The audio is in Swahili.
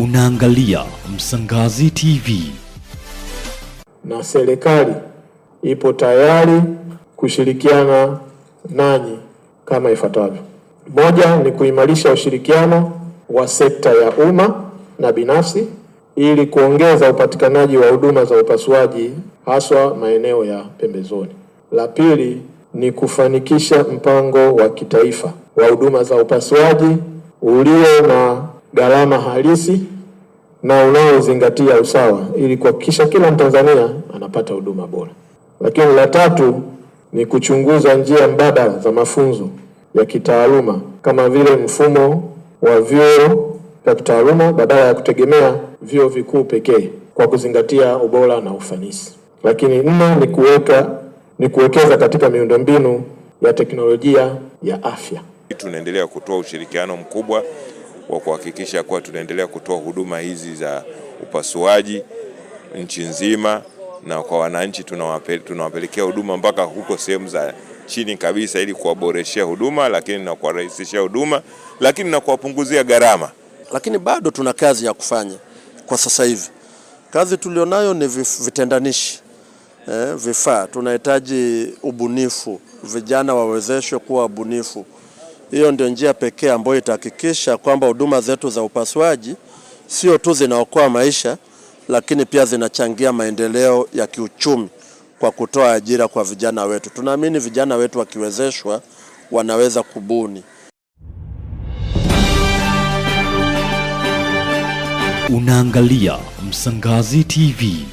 Unaangalia Msangazi TV na serikali ipo tayari kushirikiana nanyi kama ifuatavyo. Moja ni kuimarisha ushirikiano wa sekta ya umma na binafsi ili kuongeza upatikanaji wa huduma za upasuaji haswa maeneo ya pembezoni. La pili ni kufanikisha mpango wa kitaifa wa huduma za upasuaji ulio na gharama halisi na unaozingatia usawa ili kuhakikisha kila Mtanzania anapata huduma bora. Lakini la tatu ni kuchunguza njia mbadala za mafunzo ya kitaaluma kama vile mfumo wa vyuo vya kitaaluma badala ya kutegemea vyuo vikuu pekee kwa kuzingatia ubora na ufanisi. Lakini nne ni kuweka ni kuwekeza katika miundombinu ya teknolojia ya afya. Tunaendelea kutoa ushirikiano mkubwa wa kuhakikisha kuwa tunaendelea kutoa huduma hizi za upasuaji nchi nzima, na kwa wananchi tunawapelekea huduma mpaka huko sehemu za chini kabisa, ili kuwaboreshea huduma, lakini na kuwarahisishia huduma, lakini na kuwapunguzia gharama. Lakini bado tuna kazi ya kufanya kwa sasa hivi. Kazi tulionayo ni vitendanishi eh, vifaa. Tunahitaji ubunifu, vijana wawezeshwe kuwa wabunifu. Hiyo ndio njia pekee ambayo itahakikisha kwamba huduma zetu za upasuaji sio tu zinaokoa maisha, lakini pia zinachangia maendeleo ya kiuchumi kwa kutoa ajira kwa vijana wetu. Tunaamini vijana wetu wakiwezeshwa, wanaweza kubuni. Unaangalia Msangazi TV.